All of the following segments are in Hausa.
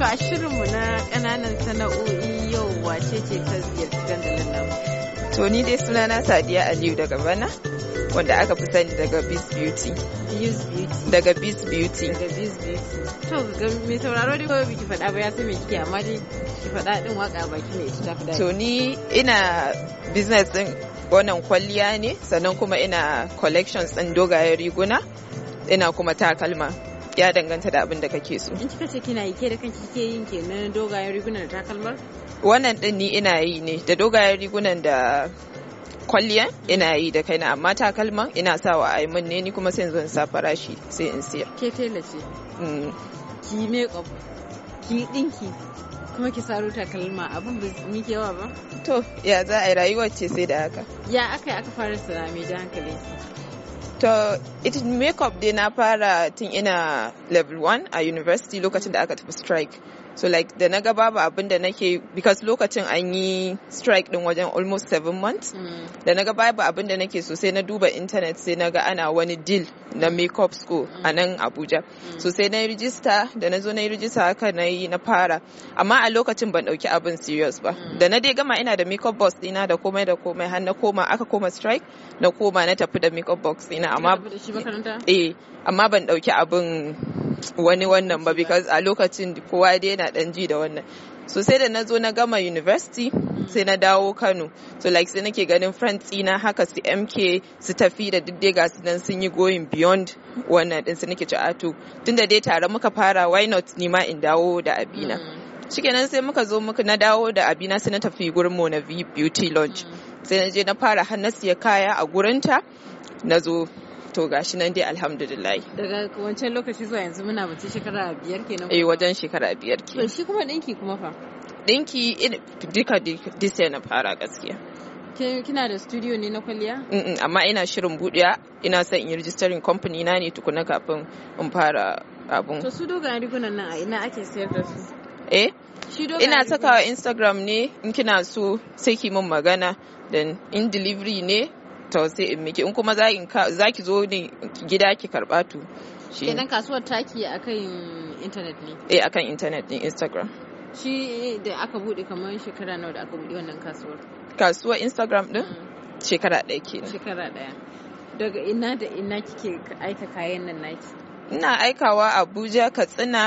To a shirinmu na ƙananan sana'o'i yau wace ce ta ziyarci dandalin nan To ni dai sunana Sadiya Aliyu daga bana wanda aka fi sani daga Beast Beauty. Beast Beauty. Daga Beast Beauty. Daga Beast Beauty. To ga mai sauraro dai kawai biki faɗa ba ya sai mai kike amma dai ki faɗa din waka baki ne ita ta To ni ina business din wannan kwalliya ne sannan kuma ina collections din dogayen riguna ina kuma takalma. ya danganta da abin da kake so in kika ce kina yi ke da kanki ke yin ke na dogayen rigunan da takalmar wannan din ni ina yi ne da dogayen rigunan da kwalliya ina yi da kaina amma takalman ina sawa a mun ne ni kuma sai in sa farashi sai in siya ke tela ce mm. ki makeup ki dinki kuma ki saro takalma abin ba miki yawa ba to ya za a yi rayuwar ce sai da haka ya aka yi aka fara sarami da hankali To, it makeup dai na fara tun ina level 1 a university lokacin da aka tafi strike. so like da na ga babu abin da nake because lokacin an yi strike din wajen almost seven months mm. da na ga babu abin da nake so sai na duba internet sai na ga ana wani deal na makeup school a mm. nan abuja mm. so sai na yi register da na zo na yi register haka na yi na fara amma a lokacin ban dauki abin serious ba da na dai gama ina da makeup box dina da komai da komai har na koma aka koma strike na koma na tafi da makeup box dina amma eh amma ban dauki abin wani wannan ba because a lokacin kowa dai yana dan ji da wannan so sai da na zo na gama university sai na dawo kano so like sai nake ganin friends na haka su mk su tafi da duk dai gasu nan sun yi going beyond wannan din su nake ci ato ah, tunda dai tare muka fara why not nima in dawo da abina mm. shikenan sai muka zo muka na dawo da abina sai na tafi gurin mu na beauty lodge mm. sai na je na fara har kaya a gurinta na zo to gashi nan dai alhamdulillah daga wancan lokaci zuwa yanzu muna bace shekara biyar kenan eh wajen shekara biyar ke to shi kuma dinki kuma fa dinki duka disa na fara gaskiya kina da studio ne na kwalliya? amma ina shirin buɗiya ina son in registering company na ne tukuna kafin in fara abun to su dogayen rigunan nan a ina ake sayar da su eh ina sakawa instagram ne in kina so sai ki min magana dan in delivery ne tausayi in miki in kuma za ki zo ne gida ki karɓa to kenan kasuwar taki akan internet ne eh akan internet ne instagram shi da aka bude kamar shekara nawa da aka bude wannan kasuwar kasuwar instagram din mm. shekara daya kenan. shekara daya daga ina da ina kike aika kayan nan naki ina aikawa abuja katsina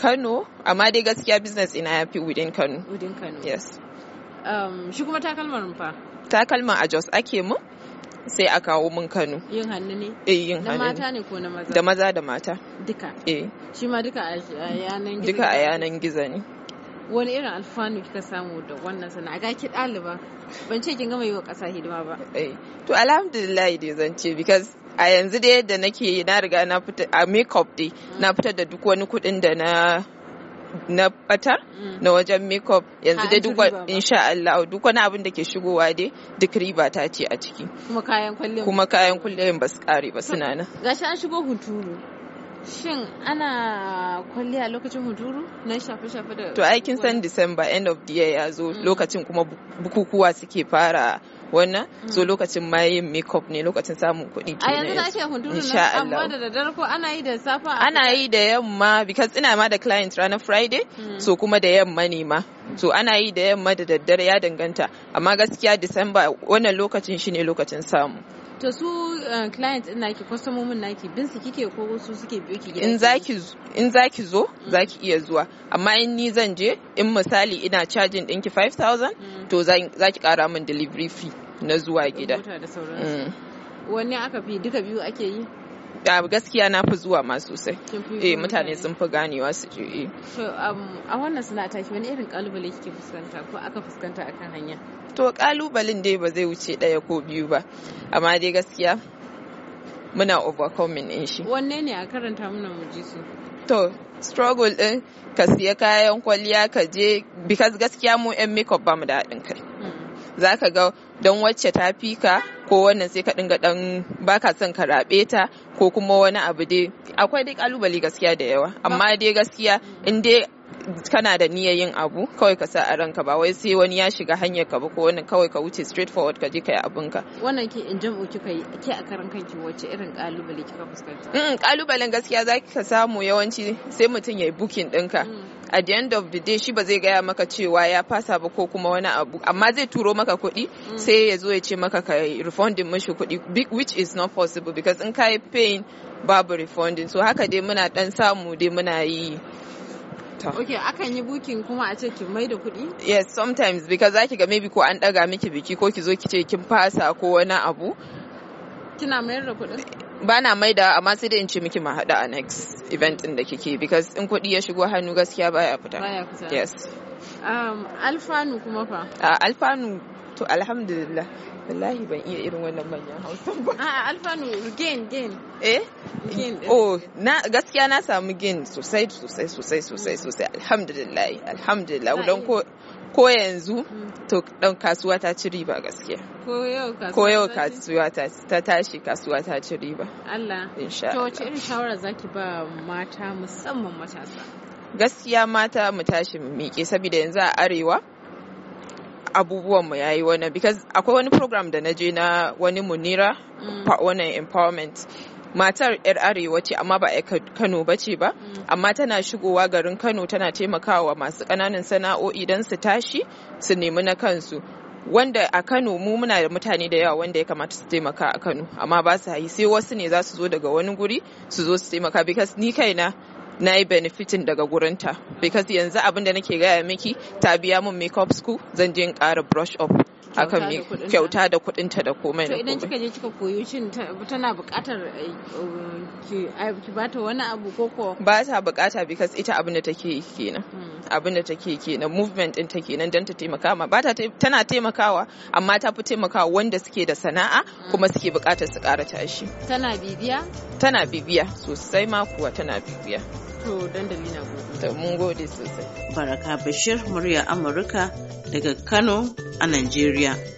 kano amma dai gaskiya business ina ya fi within kano within kano yes um, shi kuma takalmar fa takalmar a jos ake mu sai a kawo mun Kano. Yin hannu ne? Eh yin hannu. Da mata ne ko na maza? Da maza da mata. Duka. Eh. Shi ma duka a yanan gizo. Duka a yanan gizo ne. Wani irin alfanu kika samu da wannan sana'a Gaki ki ɗaliba ban ce kin gama yi wa ƙasa hidima ba. Eh. To alhamdulillah dai zan ce because a yanzu dai da nake na riga na fita a makeup dai na mm. fitar da duk wani kuɗin da na na bata mm. na wajen makeup yanzu dai duk insha Allah duk wani abin da ke shigowa dai duk riba ta ce a ciki kuma kayan kullum kuma kayan kullum ba su kare ba suna nan gashi an shigo hunturu Shin ana kwalliya lokacin hunturu na shafe-shafe da To aikin san December end of the year ya zo mm. lokacin kuma bukukuwa suke fara wannan mm. so lokacin ma yin makeup ne lokacin samun kuɗi a yanzu da ke hunturu na amma da daddare ko ana yi da safa ana yi da yamma because ina ma da client ranar friday mm. so kuma da yamma ne ma so ana yi da yamma da daddare ya danganta amma gaskiya december wannan lokacin shine lokacin samu to su eh, client din naki customer naki bin su kike ko su suke biyo ki in zaki in zaki zo mm. zaki iya zuwa amma in ni zan je in misali ina charging dinki 5000 mm. to zaki kara min delivery fee na zuwa gida mm. wani aka fi duka biyu ake yi gaskiya na fi zuwa ma sosai eh mutane sun fi ganewa su je eh um, a wannan suna ta wani irin kalubale kike fuskanta ko aka fuskanta akan hanya to kalubalen dai ba zai wuce daya ko biyu ba amma dai gaskiya muna overcoming in shi wanne ne a karanta muna mu ji su to struggle din ka siya kayan kwalliya ka je because gaskiya mu yan makeup ba mu da haɗin kai hmm. za ka ga don wacce ta fi ka ko wannan sai ka dinga dan baka son ka rabe ta ko kuma wani abu dai akwai dai kalubale gaskiya da yawa amma dai gaskiya in dai kana da niyyar yin abu kawai ka sa a ranka ba wai sai wani ya shiga hanyar ka ba ko wani kawai ka wuce straight forward ka je ka yi abin ka wannan ke in jam'u kika yi ke a karan kanki wacce irin kalubale kika fuskanta mm kalubalen gaskiya zaki ka samu yawanci sai mutum yayi booking ka mm. at the end of the day shi ba zai gaya maka cewa ya fasa ba ko kuma wani abu amma zai turo maka kuɗi mm. sai ya zo ya ce maka ka refunding mashi kuɗi which is not possible because in ka yi pain babu refunding so haka dai muna dan samu dai muna yi wata. Ok, akan yi bukin kuma a ce ki mai da kuɗi? Yes, sometimes because za ki ga maybe ko an ɗaga miki biki ko ki zo ki ce kin fasa ko wani abu. Kina mayar da kuɗin? Ba na mai da amma sai dai in ce miki ma haɗa a next event ɗin da kike because in kuɗi ya shigo hannu gaskiya baya fita. Baya fita. Yes. Um, alfanu kuma fa? Uh, alfanu to alhamdulillah wallahi ban iya irin wannan manyan hausan ba a ah, alfanu gain gain eh gain oh na gaskiya na samu gain sosai sosai sosai sosai sosai alhamdulillah alhamdulillah don ko ko yanzu mm. to dan kasuwa ta ci riba gaskiya ko yau kasuwa ta tashi kasuwa ta ci riba Allah insha Allah to wace irin shawara zaki ba mata musamman matasa gaskiya mata mu tashi mu miƙe saboda yanzu a arewa abubuwan mu yayi wani because akwai wani program da na je na wani munira mm. Wani empowerment matar yar arewa ce amma ba kano ba ce ba mm. amma tana shigowa garin kano tana taimakawa masu ƙananan sana'o'i don su tashi su nemi na kansu wanda a kano mu muna da mutane da yawa wanda ya kamata su taimaka a kano amma ba su yi sai wasu ne za su zo daga wani guri su zo su taimaka because ni kaina na yi benefitin daga gurinta because yanzu abin da nake gaya miki ta biya min makeup school zan je in ƙara brush up hakan mai kyauta da kudinta da komai da komai. idan kika je kika koyo shin tana bukatar eh, ki eh, bata wani abu ko ko ba ta bukata because ita abin da take yi kenan. Hmm. Abin da take yi kenan movement din take nan dan ta taimaka ma ba ta tana taimakawa amma ta fi taimakawa wanda suke da sana'a hmm. kuma suke bukatar su kara tashi. Tana bibiya? Tana bibiya sosai ma kuwa tana bibiya. to dandali na gobe. To mun gode sosai. Baraka Bashir murya Amurka daga Kano a Najeriya.